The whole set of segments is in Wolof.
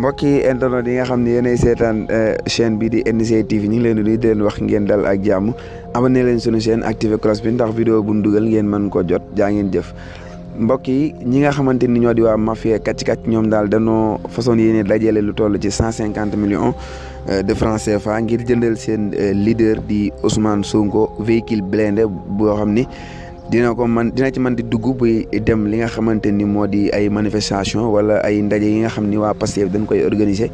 mbokki internet yi nga xam ne yéenay seetaan eh, chaîne bi di NGTV ñu ngi leen di nuyu wax ngeen dal ak jàmm abonné leen sunu chaîne activé cloche bi ndax vidéo bu ñu dugal ngeen mën ko jot jaa ngeen jëf mbokk yi ñi nga xamante ni ñoo di waa mafia kàcc kàcc ñoom daal danoo façon yéene dajale lu toll ci cent cinquante million eh, de francs CFA ngir jëndal seen eh, leader di Ousmane Sonko véhicule blindé boo xam ni dina ko man dina ci man di dugg buy dem li nga xamante ni moo di ay manifestation wala ay ndaje yi nga xam ni waa Pastef dañ koy organiser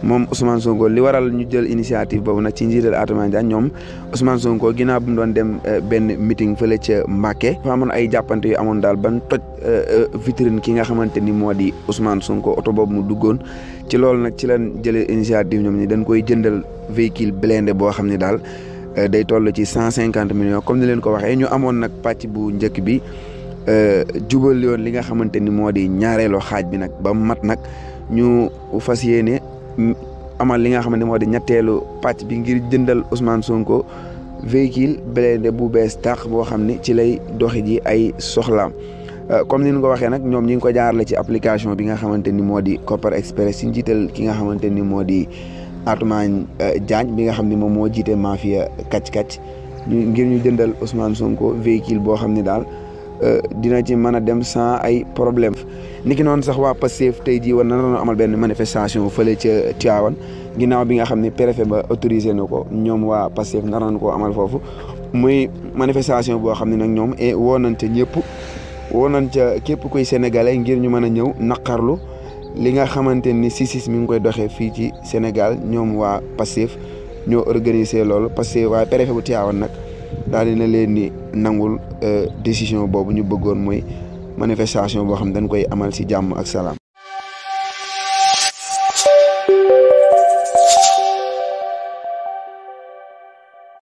moom Ousmane Sonko li waral ñu jël initiative boobu nag ci njiital Atama Dia ñoom Ousmane Sonko ginnaaw bu mu doon dem eh, benn meeting fële ca Mbacké fa amoon ay jàppante yu amoon daal ban toj eh, eh, vitrine ki nga xamante ni moo di Ousmane Sonko oto boobu mu duggoon ci loolu nag ci lañ jëlee initiative ñoom nii dañ koy jëndal véhicule blindé boo xam ne daal Euh, day toll ci cent cinquante millions comme ni leen ko waxee ñu amoon nag pàcc bu njëkk bi euh, jubal yoon li nga xamante ni moo di ñaareelu xaaj bi nag ba mat nag ñu fas yéene amal li nga xamante moo di ñetteelu pàcc bi ngir jëndal Ousmane Sonko véhicule blindé bu bees tàq boo xam ne ci lay doxi ji ay soxlaam euh, comme ni ko waxee nag ñoom ñi ngi ko jaarale ci application bi nga xamante ni moo di Copper Express ci njiital ki nga xamante ni moo di Atoumane euh, jaañ bi nga xam ni moom moo jiite mafia kàcc kàcc ngir ñu jëndal Ousmane Sonko véhicule boo xam ne daal euh, dina ci mën a dem sans ay problème niki noonu sax waa Pastef tey jii wan na amal benn manifestation fële ca Tivaouane ginnaaw bi nga xam ne préfet ba autoriser na ko ñoom waa Pastef nar nañu koo amal foofu muy manifestation boo xam ne nag ñoom e woo nañ ca ñëpp woo nañ ca képp kuy sénégalais ngir ñu mën a ñëw naqarlu li nga xamante ni CICIS mi ngi koy doxee fii ci Sénégal ñoom waa Pastef ñoo organiser loolu parce que waa préfet bu Tivaouane nag daal dina leen ni nangul euh, décision boobu ñu bëggoon mooy manifestation boo xam dañ koy amal si jàmm ak salaam